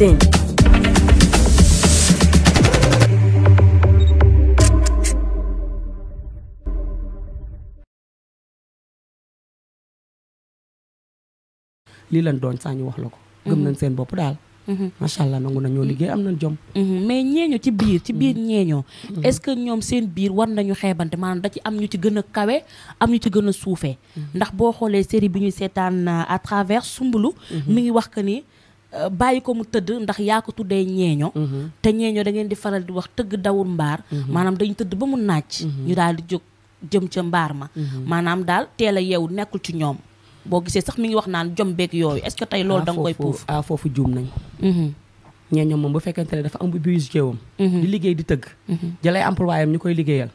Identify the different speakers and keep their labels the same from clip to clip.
Speaker 1: lii lañ doon saa ñu wax la ko. gëm nañ mhm. seen bopp daal. Mhm. macha allah nangu nañoo liggéey am na jom.
Speaker 2: Mhm. mais ñeeño ci biir ci biir ñeeñoo. est-ce que ñoom seen biir war nañu xeebante maanaam da ci am ñu ci gën a kawe am ñu ci gën a suufee. ndax boo xoolee série bi ñuy seetaan euh, à travers Sumbulu. mi ngi wax que ni Euh, bàyyi ko mu tëdd ndax yaa ko tuddee ñeeño mhm. te ñeeño da ngeen di faral di wax tëgg dawul mbaar mhm. maanaam dañu tëdd ba mu naaj mhm. ñu daal di jóg jëm ca mbaar ma maanaam daal teel a yeewu nekkul ci ñoom boo gisee sax mu ngi wax naan jom beeg yooyu est-ce tey loolu ah, da nga koy puuf
Speaker 1: ah foofu juum nañ ñeeño moom bu fekkente ne dafa am bu busiéwam di liggéey di tëgg jëlay employé am ñu koy liggéeyal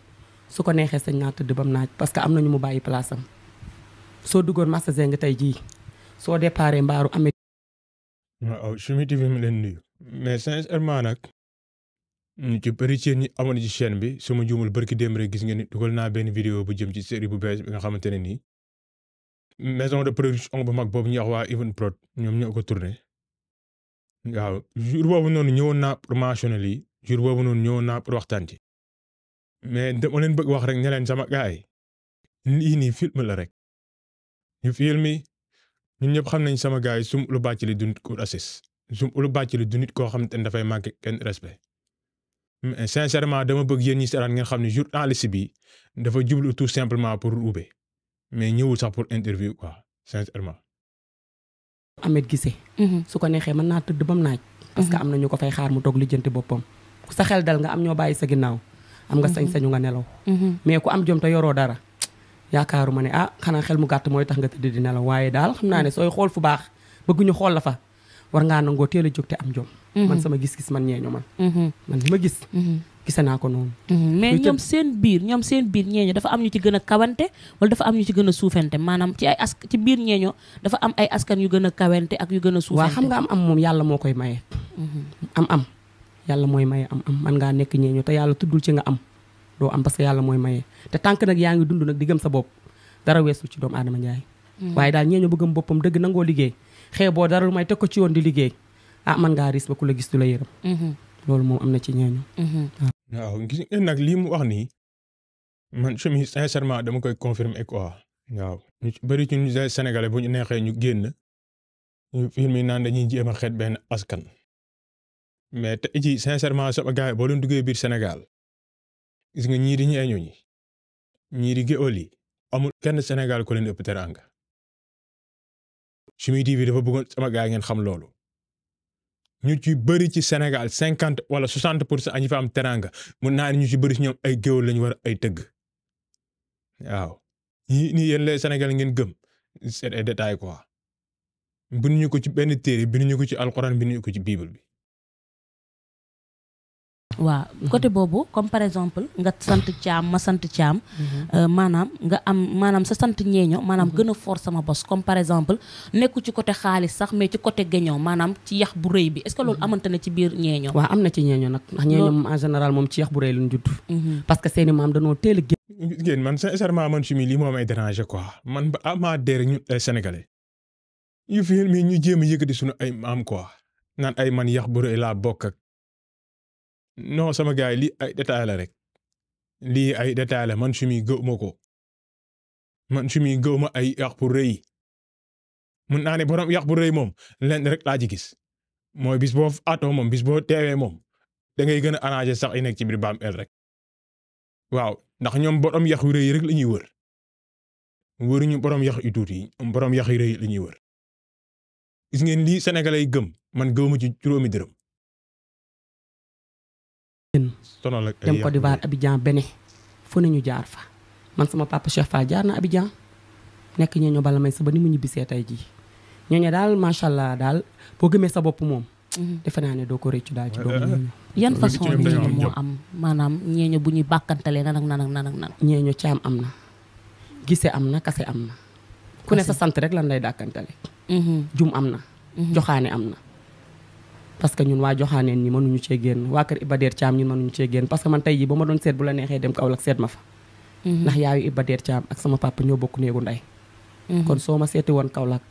Speaker 1: su ko neexee sañ naa tëdd bam naaj parce que am nañu mu bàyyi place am soo duggoon marché Zeng tey jii soo déparé
Speaker 3: waaw Choumi TV mi leen nuyu. mais sincèrement nag ñu ci bëri ci ni amoon ci chaîne bi su ma juumul bërki dem rek gis ngeen ni dugal naa benn vidéo bu jëm ci série bu bees bi nga xamante ne nii. maison de production bu mag boobu ñuy wax waa Even Prod ñoom ñoo ko tourné. waaw jour boobu noonu ñëwoon naa pour mentionné lii jour boobu noonu ñëwoon naa pour waxtaan ci. mais dama leen bëgg wax rek ne sama gaay yi. lii nii film la rek. ñu film ñun ñëpp xam nañ sama gars yi sum ulu bàcc li du nit ku rasis sum ulu bàcc li du nit koo xam te ne dafay manqué kenn respect mais sincèrement dama bëgg yéen ñi seetaan ngeen xam ne journaliste bi dafa jublu tout simplement pour ruube mais ñëwul sax pour interview quoi sincèrement.
Speaker 1: Ahmed Guissé. Mm-hmm. su ko neexee mën naa tëdd bam naaj. parce que mm-hmm. am na ñu ko fay xaar mu toog lijjanti boppam. ku sa xel dal nga am ñoo bàyyi sa ginnaaw. am nga mm-hmm. sañ-sañu nga nelaw. mais ku am jom yoroo dara. yaakaaruma ne ah xanaa xel mu gàtt mooy tax nga tëdd di nelaw waaye daal xam naa ne sooy xool fu baax bëgguñu xool la fa war ngaa nangoo teel a jóg te am jom. Mhm. man sama gis-gis man ñeeño man. Mhm. man li ma gis. Mhm. gise naa ko noonu.
Speaker 2: mais ñoom seen biir ñoom seen biir ñeeño dafa am ñu ci gën a kawante wala dafa am ñu ci gën a suufante maanaam ci ay ask ci biir ñeeño dafa am ay askan yu gën a kawante ak yu gën a suufante. waaw xam
Speaker 1: nga am am moom yàlla moo koy maye. am yàlla mooy maye am man ngaa nekk ñeeño te yàlla tuddul ci nga am. doo am parce que yàlla mooy maye te tànk nag yaa ngi dund nag di gëm sa bopp dara weesu ci doomu aadama njaay mm. waaye daal ñeeño bëggam boppam dëgg nangoo liggéey xee dara lu may teg ko ci yoon di liggéey ah man ngaa ris ba ku la gis du la yërëm mm-hmm. loolu moom am na ci ñeeño mm-hmm.
Speaker 3: waaw gis ngeen lii mu wax nii man chemise sincèrement dama koy confirmer quoi waaw ñu bëri ci ñu sénégalais bu ñu neexee ñu génn ñu film naan dañuy jéem a xeet benn askan mais te ci sincèrement sama gars yi boo leen duggee biir gis nga ñii di ñeeñu ñi ñii amul kenn Sénégal ko leen ëpp teraanga Choumi TV dafa sama gaay ngeen xam loolu ñu ci bëri ci Sénégal cinquante wala soixante pour cent ñi fa am teraanga mun naa ne ñu ci bëri si ñoom ay géwél lañu war ay tëgg waaw ñii nii yéen les Sénégal ngeen gëm c'est des détails quoi binduñu ko ci benn téere binduñu ko ci alxuraan binduñu ko ci bible bi
Speaker 2: waaw mhm. côté boobu comme par exemple nga sant caam ma sant caam mhm. euh, maanaam nga am maanaam sa sant ñeeño maanaam mhm. gën a fort sama bos comme par exemple nekku ci côté xaalis sax mais ci côté géñoo maanaam ci yax bu rëy bi est-ce amante na ci biir ñeeño waaw
Speaker 1: am na ci ñeeño nag ndax ñeeño moom en général moom ci yax bu
Speaker 3: rëy luñ judd parce que seeni maam dañoo teel a génn ngeen man sincèrement man chimie lii moo may déranger quoi man ba ama déere ñu sénégalais yu fi mais ñu jéem a di suñu ay maam ko naan ay man yax bu rëy laa bokk ak non sama gaa yi lii ay détail rek lii ay détail man Choumi gëw ma ko man Choumi gëw ma ay yàq bu rëy mun naa ne borom yax bu rëy moom lenn rek laa ci gis mooy bis boo aatoo moom bis boo teewee moom da ngay gën a arrangé sax yi nekk ci biir bàmmeel rek waaw ndax ñoom borom yàq yu rëy rek la ñuy wër wëruñu borom yàq yu tuuti borom yàq yu rëy la ñuy wër gis ngeen lii sénégalais gëm man gëw ma ci juróomi dërëm. sonal ak dem Côte d'Ivoire
Speaker 1: Abidjan Bénin fu nañu jaar fa man sama papa Cheikh Fall jaar na Abidjan nekk ñooñu bala may sa ba ni mu ñibbisee tey jii ñooñu daal macha allah daal boo gëmee sa bopp moom. Mhm. defe naa ne doo ko rëccu daal ci doomu eh, eh, eh. yan façon ñeeño moo am maanaam ñeeño bu ñuy bàkkantalee nan ak nan ak nan ak nan ñeeño caam am na gise am na kase am na ku ne sa sant rek lan lay dàkkantale mhm. jum am na mhm. joxaane am na parce que ñun waa joxaaneen ñi mënuñu cee génn waa kër Iba Der Thiam ñun mënuñu cee génn parce man tey jii ba ma doon seet bu la neexee dem Kaolack seet ma fa mhm. ndax yaayu Iba Der Thiam ak sama papa ñoo bokk néegu ndey mhm. kon soo ma seeti woon Kaolack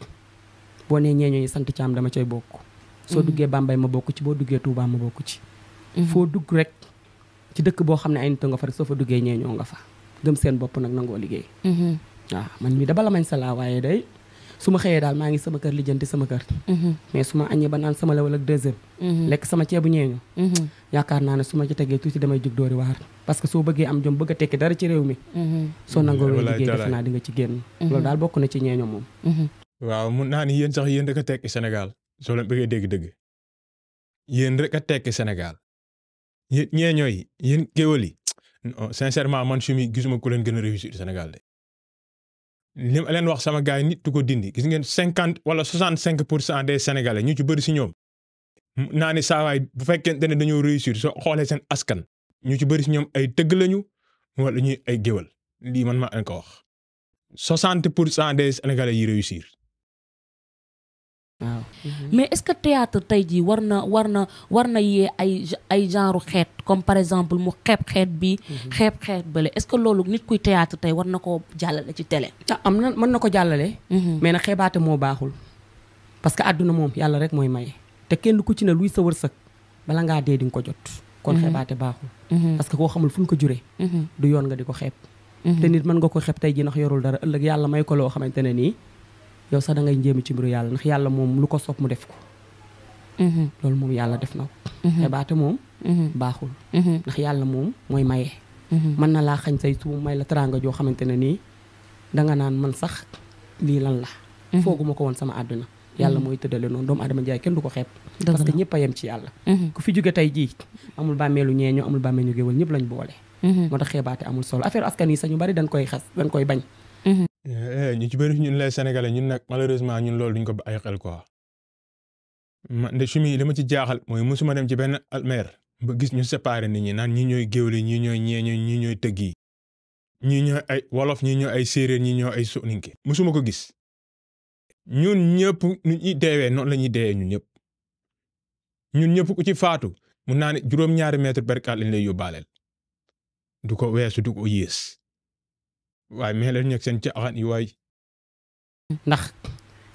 Speaker 1: boo nee ñeeño yi sant Thiam dama cay bokk soo mhm. duggee Bambey ma bokk ci boo duggee Touba ma bokk ci foo dugg rek ci dëkk boo xam ne ay nit nga fa rek soo fa duggee ñeeñoo nga fa gëm seen bopp nag nangoo liggéey su ma xëyee daal maa ngi sama kër lijjanti sama kër mhm. mais su ma añee ba naan sama lewal ak deux mhm. lekk sama ceebu ñeeño mhm. yaakaar naa ne su ma ci tegee tuuti damay jug dóori waar parce que soo bëggee am jom bëgg a tekki dara ci réew mi soo nangoo wee liggéey defe
Speaker 3: naa daal bokk na ci ñeeño moom waaw mun naa ni yéen sax yéen rek a tekki Sénégal soo leen bëggee dégg dëgg yéen rek a tekki Sénégal yéen ñeeño yi yéen géwël yi sincèrement man su mi de li leen wax sama gars yi nit ko dindi gis ngeen cinquante wala soixante cinq pour cent des sénégalais ñu ci bëri si ñoom naa ne saawaay bu fekkente ne dañoo réussir soo xoolee seen askan ñu ci bëri si ñoom ay tëgg lañu wala ñuy ay géwal lii man ma leen ko wax soixante pour cent des sénégalais yi réussir Mm-hmm.
Speaker 2: mais est-ce que théâtre tey jii war na war na war na yee ay ay genre xeet comme par exemple mu
Speaker 1: xeeb xeet bi mm-hmm. xeeb xeet bële est-ce que loolu nit kuy théâtre tey war na ko jàllale ci télé ah am na mën na ko jàllale mm-hmm. mais nag xeebaate moo baaxul parce que àdduna moom yàlla rek mooy maye te kenn ku ci ne luy sa wërsëg bala ngaa dee di ko jot kon xeebaate baaxul parce que koo xamul fu ñu ko juree du yoon nga di ko xeeb te nit mën nga ko xeeb tey ji ndax yorul dara ëllëg yàlla may ko loo xamante ne nii yow sax da ngay njéem ci mbiru yàlla ndax yàlla moom lu ko sopp mu def ko mm-hmm. loolu moom yàlla def na ko mm-hmm. te baate moom mm-hmm. baaxul ndax yàlla moom mooy maye mën na laa xañ say suum may la teraanga joo xamante ne nii danga naan man sax lii lan la fooguma ko woon sama àdduna yàlla mooy tëddale noonu doomu adama jaay kenn du ko xeeb parce que a yem ci yàlla ku fi jóge tey jii amul bàmmeelu ñeeño amul bàmmeelu géwél ñëpp lañ boole moo tax xeebaate amul solo affaire askan yi sax bari dañ koy xas dañ koy bañ
Speaker 3: Eh, ñu ci bëri ñun les sénégalais ñun nag malheureusement ñun loolu duñ ko ay xel quoi man de chimie yi li ci jaaxal mooy musuma dem ci benn almer ba gis ñu séparé nit ñi naan ñi ñooy géwli ñi ñooy ñeeño ñi ñooy tëgg yi ñi ay wolof ñi ñooy ay séeréer ñi ñooy ay soninke musuma ko gis ñu ñëpp nu ñu deewee noonu la ñuy deewee ñun ñëpp ñun ñëpp ku ci faatu mun naa ne juróom-ñaari mètre berkaat lañ lay yóbbaaleel du ko weesu du ko yées waaye mais leen ñeeg seen caaxaan yi waay.
Speaker 1: ndax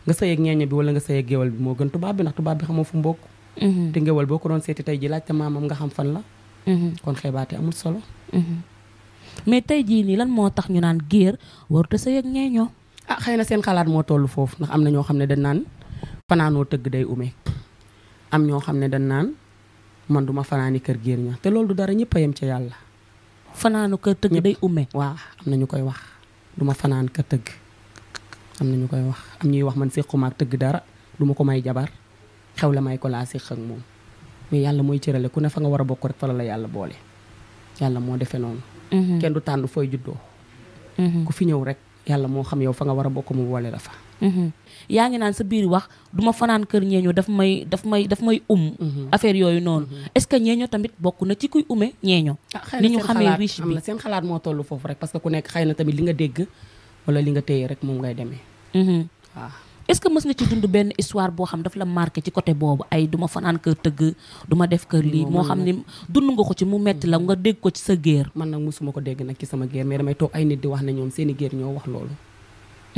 Speaker 1: nga sëy ak ñeeño bi walla nga sëy ak géwal bi moo gën tubaab bi ndax tubaab bi xamoo fu mbokk. Mm-hmm. te géwal boo ko doon seeti tey ji laajte maamam nga xam fan la. Mm-hmm. kon xeebaate amul solo. Mm-hmm. mais tey jii nii lan moo tax ñu naan géer warut sa sëy ak ñeeño. ah xëy na seen xalaat moo toll foofu ndax am na ñoo xam ne dañ naan fanaanoo tëgg day ume am ñoo xam ne dañ naan man duma fanaani kër géer ña te loolu du dara ñëpp a yem ca yàlla. fanaanu kër tëgg day ume waa am na ñu koy wax duma fanaan ka tëgg am na ñu koy wax am ñuy wax man séquma tëgg dara duma ko may jabar xew la may ko laa séq ak moom mais yàlla mooy cërale ku ne fa nga war a bokk rek fa la la yàlla boole yàlla moo defee noonu mhm. kenn du tànn fooy juddoo mhm. ku fi ñëw rek yàlla moo xam yow fa nga war a bokk mu boole la fa
Speaker 2: Mhm. yaa ngi naan sa biir wax duma fanaan kër ñeeño daf may daf may daf may um mhm. affaire yooyu noonu mhm. est-ce que ñeeño tamit bokk na ci kuy ume ñeeño ah, ni ñu xamee riche bi seen
Speaker 1: xalaat moo toll foofu rek parce que ku nekk xëy na tamit li nga dégg wala li nga téye rek moom ngay demee waaw
Speaker 2: est-ce que mës na ci dund benn histoire boo xam daf la marqué ci côté boobu ay du ma fanaan kër tëgg du ma def kër lii moo xam ne
Speaker 1: dund nga ko ci mu metti la nga dégg ko ci sa géer man nag mosuma ko dégg nag ci sama géer mais damay ay nit di wax ne seeni géer ñoo wax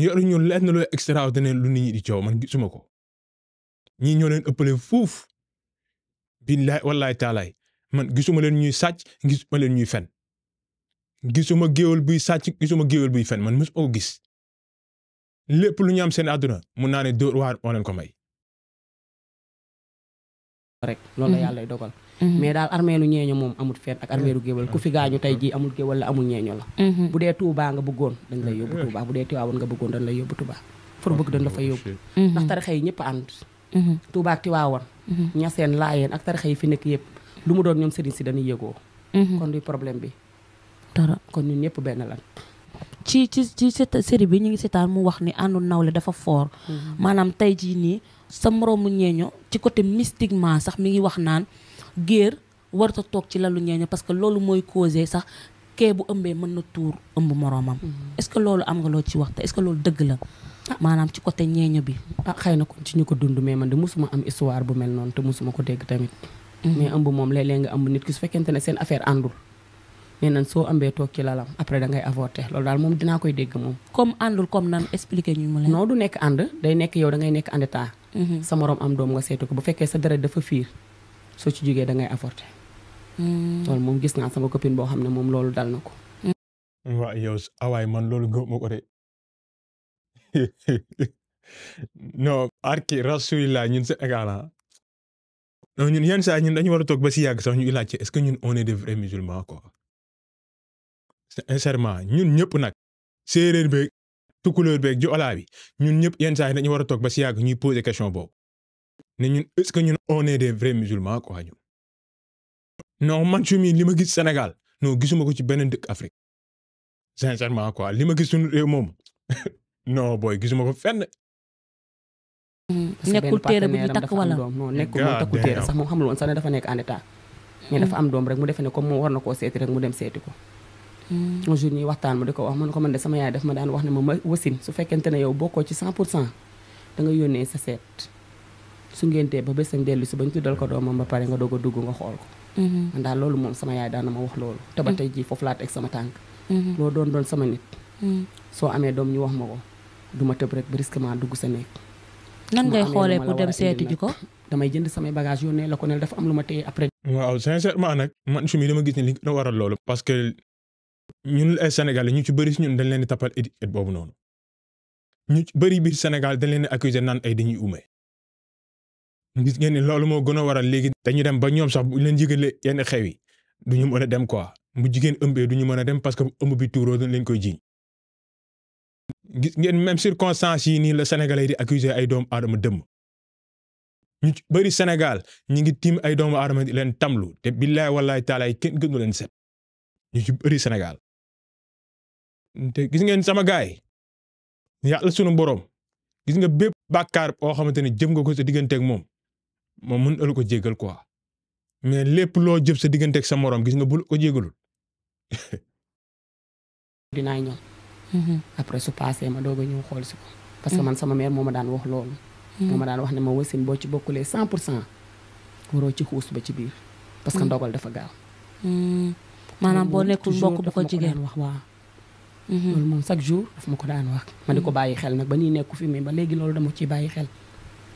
Speaker 3: ñu yor ñu leen na loo lu nit ñi di coow man gisuma ko ñii ñoo leen ëppale fuuf billaay wallaay taalaay man gisuma leen ñuy sàcc gisuma leen ñuy fen gisuma géwél buy sàcc gisuma géwél buy fen man mos oo gis lépp lu ñu am seen àdduna mun naa ne dóor waar ko may rek loolu
Speaker 1: Mm-hmm. mais daal armeelu ñeeño moom amul fenn ak armeelu géwal ku fi gaañu tey jii amul géwal la amul ñeeño la mm-hmm. bu dee Touba nga bëggoon dañ lay yóbbu Touba bu dee Tiwaawoon nga bëggoon dañ lay yóbbu Touba foro bëgg dañ la fa yóbbu oh, ndax mm-hmm. tarixa yi ñëpp ànd Touba ak Tiwaawoon ñaseen laayeen ak tarixa yi fi nekk yëpp lu mu doon ñoom sëriñ si dañuy yëgoo kon luy problème bi dara kon ñun ñëpp benn lan
Speaker 2: ci ci ci série bi ñu ngi seetaan mu wax ni àndu nawle dafa fort maanaam tey jii nii sa moroomu ñeeño ci côté mystiquement sax mi ngi wax naan géer warta toog ci lalu ñeeño parce que loolu mooy causé sax kee bu ëmbee mën na tuur ëmb
Speaker 1: moroomam mm-hmm. est loolu am nga loo ci wax te est-ce que loolu dëgg la ah. maanaam ah, ko dund bu mel noonu te mosuma ko dégg tamit mm-hmm. mais ëmb moom léeg nga ëmb nit ki su fekkente ne seen affaire àndul nee nañ soo ëmbee toog ci lalam après da ngay avorter loolu daal moom dinaa koy dégg moom comme àndul comme nan expliquer ñu mu leen non du nekk ànd day nekk yow da ngay nekk en mm-hmm. sa morom am doom nga seetu ko bu fekkee sa deret soo ci jigee da ngay avorté.
Speaker 2: Hmm.
Speaker 3: loolu moom gis naa sama copine boo xam ne moom loolu dal na ko. Hmm. waaw yow awaay ah man loolu gëmuma ko de non arki rasulillah ñun Sénégal ah. non ñun yenn saa ñun dañu war toog ba si yàgg sax ñu laajte est-ce que ñun on est des vrais musulmans quoi sincèrement ñun ñëpp nag séeréer beeg tukulóor beeg joolaa bi ñun ñëpp yenn saa yi dañu war a toog ba si yàgg ñuy poser question boobu ne ñun est-ce que ñun on est des vrais musulmans quoi man su mi li ma gis Sénégal gisuma ko ci beneen dëkk Afrique sincèrement quoi li ma gis moom non booy gisuma ko fenn.
Speaker 1: Mm, nekkul téere bu ñu takk wala non nekkul moom takkul téere sax moom xamul sax ne dafa nekk en état. mais dafa am doom rek mu defee ne comme moom war na koo seeti rek mu dem seeti ko. Mm. un jour ñuy waxtaan mu di ko wax man ko man de sama yaay def ma daan wax ne ma wasin su fekkente ne yow bokkoo ci 100 pour cent da nga yónnee sa seet. su ngéntee ba bés ak dellu si ba ñu tuddal ko doomam ba pare nga doog a dugg nga xool ko mm-hmm. man daal loolu moom sama yaay daana ma wax loolu te ba mm-hmm. tey jii foofu laa teg sama tànk mm-hmm. loo doon doon ñu wax ma ko du ma tëb rek brusquement dugg sa nekk nan ngay xoolee pour dem seeti ji ko damay jënd samay la ko ne dafa am lu ma téye
Speaker 3: après waaw sincèrement nag man su mi dama gis ne li na waral loolu parce ñun ay Sénégalais ñu ci bëri si ñu dañ leen di tappal étiquette boobu noonu ñu ci bëri biir Sénégal dañ leen di accuser naan ay dañuy ume gis ngeen ni loolu moo gën a waral léegi dañu dem ba ñoom sax bu leen yëgalee yenn xew yi du ñu mën a dem quoi bu jigéen ëmbee du ñu mën a dem parce que ëmb bi tuuroo dañ leen koy jiñ. ngeen même circonstances yi nii la sénégalais di accuser ay doomu aadama dëmm ñu bëri Sénégal ñi ngi tiim ay doomu aadama di leen tamlu te billaay wallaay taalaay kenn gënu leen set ñu ci bëri Sénégal. te gis ngeen sama gaay yàlla sunu borom gis nga bépp bàkkaar boo xamante ne jëm nga ko sa digganteeg moom moom mën ëlu ko jéggal quoi mais lépp loo jëf sa diggante sa moroom gis nga bul ko jéggalul.
Speaker 1: dinaa ñëw. Mm-hmm. après su paasee ma doog ñëw xool si parce que mm. man sama mère moom ma daan wax loolu. Mm. moo ma daan wax ne ma wasin boo ci bokkulee cent pour cent waroo ci xuus ba ci biir. parce que mm. ndogal dafa gaaw. maanaam boo nekkul mbokk bu ko jigéen wax waaw. Mm-hmm. loolu moom chaque jour daf ma ko daan wax. ma di ko bàyyi xel nag ba nii nekku fi mais ba léegi loolu dama ciy bàyyi xel.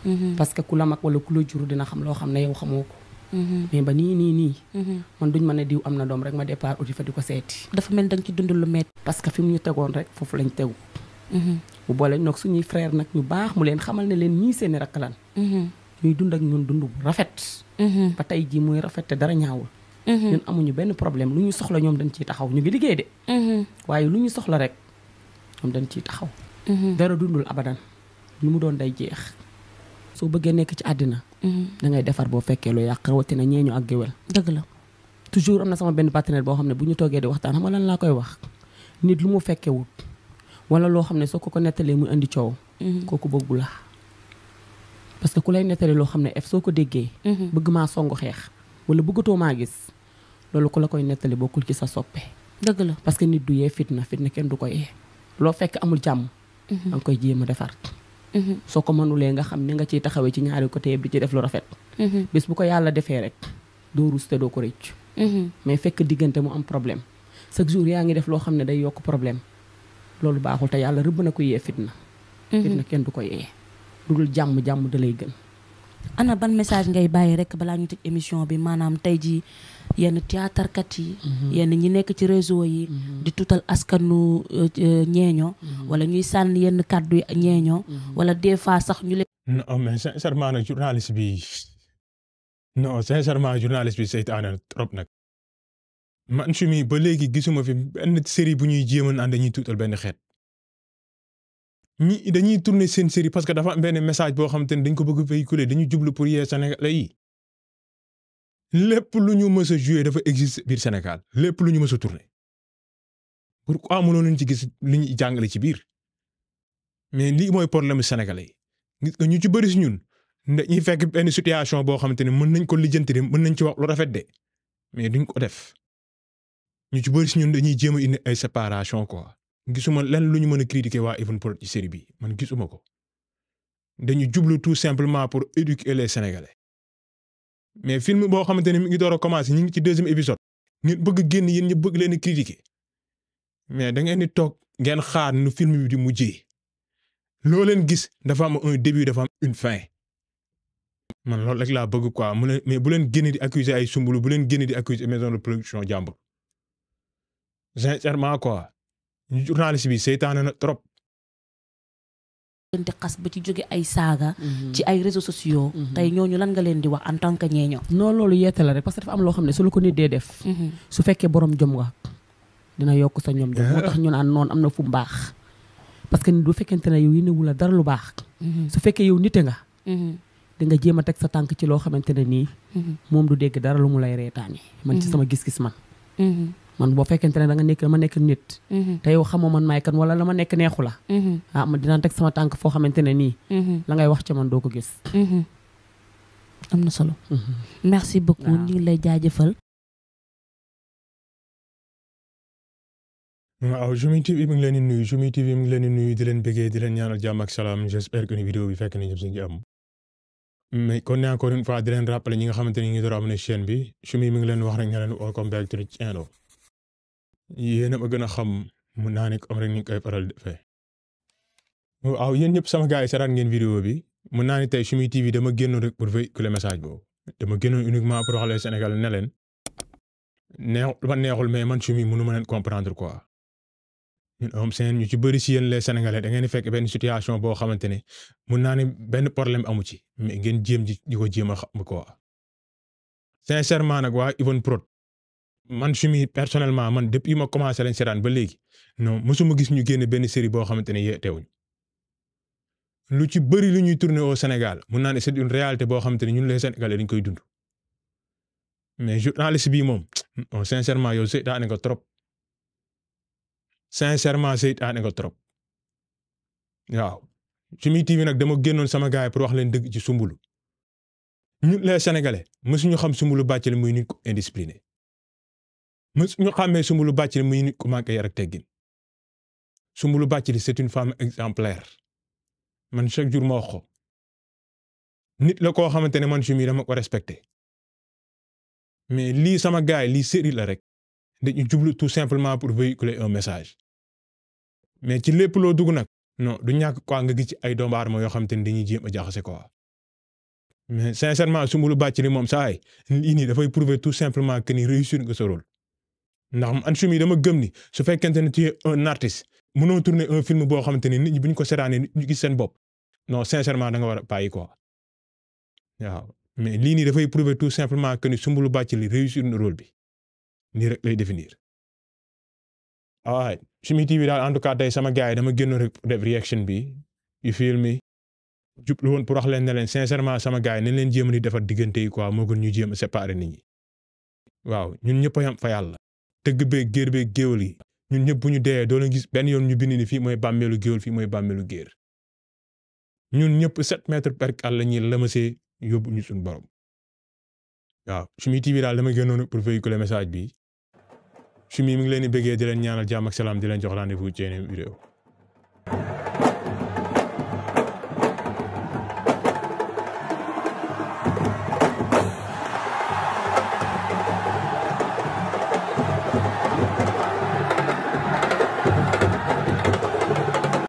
Speaker 1: Mm-hmm. parce que ku la mag wala ku la jur dina xam loo xam ne yow xamoo ko. Mm-hmm. mais ba nii nii nii. Mm-hmm. man duñ mën a diw am na doom rek ma départ uti fa di ko seeti. dafa mel da nga ci dund lu métti. parce que fi mu ñu tegoon rek foofu lañ tegu. bu boole nag suñuy frère nag ñu baax mu leen xamal ne leen ñii seeni rakk lan. ñuy dund ak ñun dund bu rafet. ba tey jii muy rafet te dara ñaawul. ñun amuñu benn problème lu ñu soxla ñoom dañ ciy taxaw ñu ngi liggéey de. waaye lu ñu soxla rek ñoom dañ ciy taxaw. dara dundul abadan li mu doon day jeex. soo bëggee nekk ci àddina mm-hmm. dangay defar boo fekkee lu yàq rawatina ñeeñu ak géwél dëgg la toujours am na sama benn partenaire boo xam ne bu ñu toogee di waxtaan xam laa koy wax nit lu mu fekkee wut wala loo xam ne soo ko ko nettalee mu indi coow mm-hmm. kooku bëggu la parce que ku lay nettalee loo xam ne ef soo ko déggee mm-hmm. bëgg maa songu xeex wala bëggatoo maa gis loolu ku la koy nettali bokkul ci sa soppe dëgg la parce que nit du yee fitna fitna kenn du ko loo fekk amul jàmm da nga koy jéem a defar Mm-hmm. soo ko mënulee nga xam ni nga ciy taxawee ci ñaari côté yëpp di ci def lu rafet mm-hmm. bis bu ko yàlla defee rek doo ruus te doo ko rëcc mm-hmm. mais fekk diggante mu am problème chaque jour yaa ngi def loo xam ne day yokk problème loolu baaxul te yàlla rëbb na ko yee fitna fitna kenn du ko yee dul jàmm jàmm da lay gën
Speaker 2: ana ban message ngay bàyyi rek balaa ñu tëj émission bi maanaam tey jii yenn théâtrekat yi mhm. yenn ñi nekk ci réseau yi mhm. di tutal askanu euh, euh, ñeeño mhm. wala ñuy sànn yenn kàddu ñeeño wala des fois sax ñu
Speaker 3: leen non mais sincèrement nag journaliste bi non sincèrement journaliste bi seytaane na trop nag man su mi ba léegi gisuma fi benn série bu ñuy jéeman ànd dañuy tuutal benn xeet ñi dañuy tourner seen série parce que dafa benn message boo xam te ne dañ ko bëgg véhiculer dañu jublu pour yee Sénégalais yi lépp lu ñu mës a joué dafa existe biir senegal lépp lu ñu mës a tourné pourquoi mënoo luñ ci gis lu ñu jàngale ci biir mais lii mooy problème sénégalais yi gis nga ñu ci bëri si ñun nda dañuy fekk benn situation boo xamante ne mën nañ ko lijjanti de mën nañ ci wax lu rafet de mais duñ ko def ñu ci bëri si ñun dañuy jéem a indi ay séparation quoi gisuma lenn lu ñu mën a critiquer waa Evenprod ci série bi man gisuma ko dañu jublu tout simplement pour éduquer les mais film boo xamante ni mi ngi door commencé ñu ngi ci deuxième épisode ngeen bëgg génn yéen ñu bëgg leen di critiquer mais da ngeen di toog ngeen xaar nu film bi di mujjee loo leen gis dafa am un début dafa am une fin. man loolu rek laa bëgg quoi mu mais bu leen génn di accuser ay sumbulu bu leen génn di accuser maison de production jàmbur sincèrement quoi journaliste bi seytaane na trop.
Speaker 2: di xas ba ci jóge ay saaga mhm.
Speaker 1: ci ay réseaux sociaux mhm. tey ñooñu lan nga leen di wax en tant que ñeeño non loolu yeete la rek parce que dafa am loo xam ne su la ko nit dee def mhm. su fekkee borom jom nga dina yokk sa ñoom jom moo tax ñu naan noonu am na fu mbaax parce que fekkente ne yow yi newu la dara lu baax su fekkee yow nite nga di nga a teg sa tànk ci loo xamante ne nii moom du dégg dara lu mu lay reetaani man ci sama gis-gis man man boo fekkente ne da nekk dama nekk nit mhm. te yow xamoo man maay wala la ma nekk neexu la mhm. ah ma dinaa teg tànk foo xamante ne nii mhm. la ngay wax ci man doo
Speaker 3: ko gis am na solo
Speaker 2: merci beaucoup ñu ngi lay jaajëfal
Speaker 3: waaw Choumi TV mi ngi leen di nuyu Choumi TV mi ngi leen nuyu di leen bëggee di leen ñaanal jàmm ak salaam j'espère que ni vidéo bi fekk na ñëpp si ngi am mais kon ne encore une di leen rappeler ñi nga xamante ni ñu door a am na chaîne bi Choumi mi ngi leen wax rek nga leen welcome back to yéen a ma gën a xam mun naa nekk am rek ni koy faral di defee waaw yéen ñëpp sama gars yi saraan ngeen vidéo bi mu naa ne tey Choumi TV dama génnoon rek pour véhiculer message boobu dama génnoon uniquement pour wax leen Sénégal ne leen ma neexul mais man Choumi mënu ma leen comprendre quoi. ñun am seen ñu ci bëri si yéen les Sénégalais da ngeen di fekk benn situation boo xamante ne mun naa ne benn problème amu ci mais ngeen jéem ji di ko jéem a xam quoi. sincèrement nag waa Yvonne Prod man Choumi personnellement man depuis ma commencé lañ seetaan ba léegi no non mosuma gis ñu génne benn série boo xamante ne yeetewuñ lu ci bëri lu ñuy tourner au Sénégal mun naa ne c'est une réalité boo xamante ne ñun les Sénégalais dañ koy dund mais journaliste bii moom sincèrement yow seytaane nga trop sincèrement seytaane trop waaw Choumi TV nag dama génnoon sama gars yi pour wax leen dëgg ci sumbulu ñun les Sénégalais mosuñu xam sumbulu bàccale muy nit ko indiscipliné mu ñu xàmmee Soumboulou Bathily muy ni ku manqué yar ak teggin Soumboulou li c'est une femme exemplaire man chaque jour ma wax nit la koo xamante ne man su mi dama ko respecté mais lii sama gaay lii série la rek dañu jublu tout simplement pour véhiculer un message mais ci lépp loo dugg nag non du ñàkk quoi nga gis ci ay doomu aadama yoo xamante ni dañuy jéem a jaxase quoi mais sincèrement Soumboulou Bathily moom saay lii nii dafay prouver tout simplement que ni réussir nga sa ndax man film yi dama gëm ni su fekkente ne tu es un artiste mënoo tourner un film boo xamante ni nit ñi bu ñu ko seetaanee ñu gis seen bopp non sincèrement da nga war a bàyyi quoi waaw mais lii nii dafay prouver tout simplement que ni Soumboulou Bathily réussir na rôle bi nii rek lay définir. waaw Choumi TV daal en tout cas tey sama gars yi dama génn rek def reaction bi i film mi jublu woon pour wax leen ne leen sincèrement sama gars yi nañ leen jéem a di diggante yi quoi moo gën ñu jéem a séparer waaw ñun ñëpp a yam fa yàlla tëgg be géer beeg géwél yi ñun ñëpp bu ñu deeyee doo leen gis benn yoon ñu bind ni fii mooy bàmmeelu géwél fii mooy bàmmeelu géer ñun ñëpp set sept mètres percale la ñuy lëmasee yóbbu ñu suñu borom waaw Choumi TV daal dama noonu pour véhiculer message bi Choumi mi ngi leen di bëggee di leen ñaanal jàmm ak di leen jox rendez-vous ci yeneen vidéo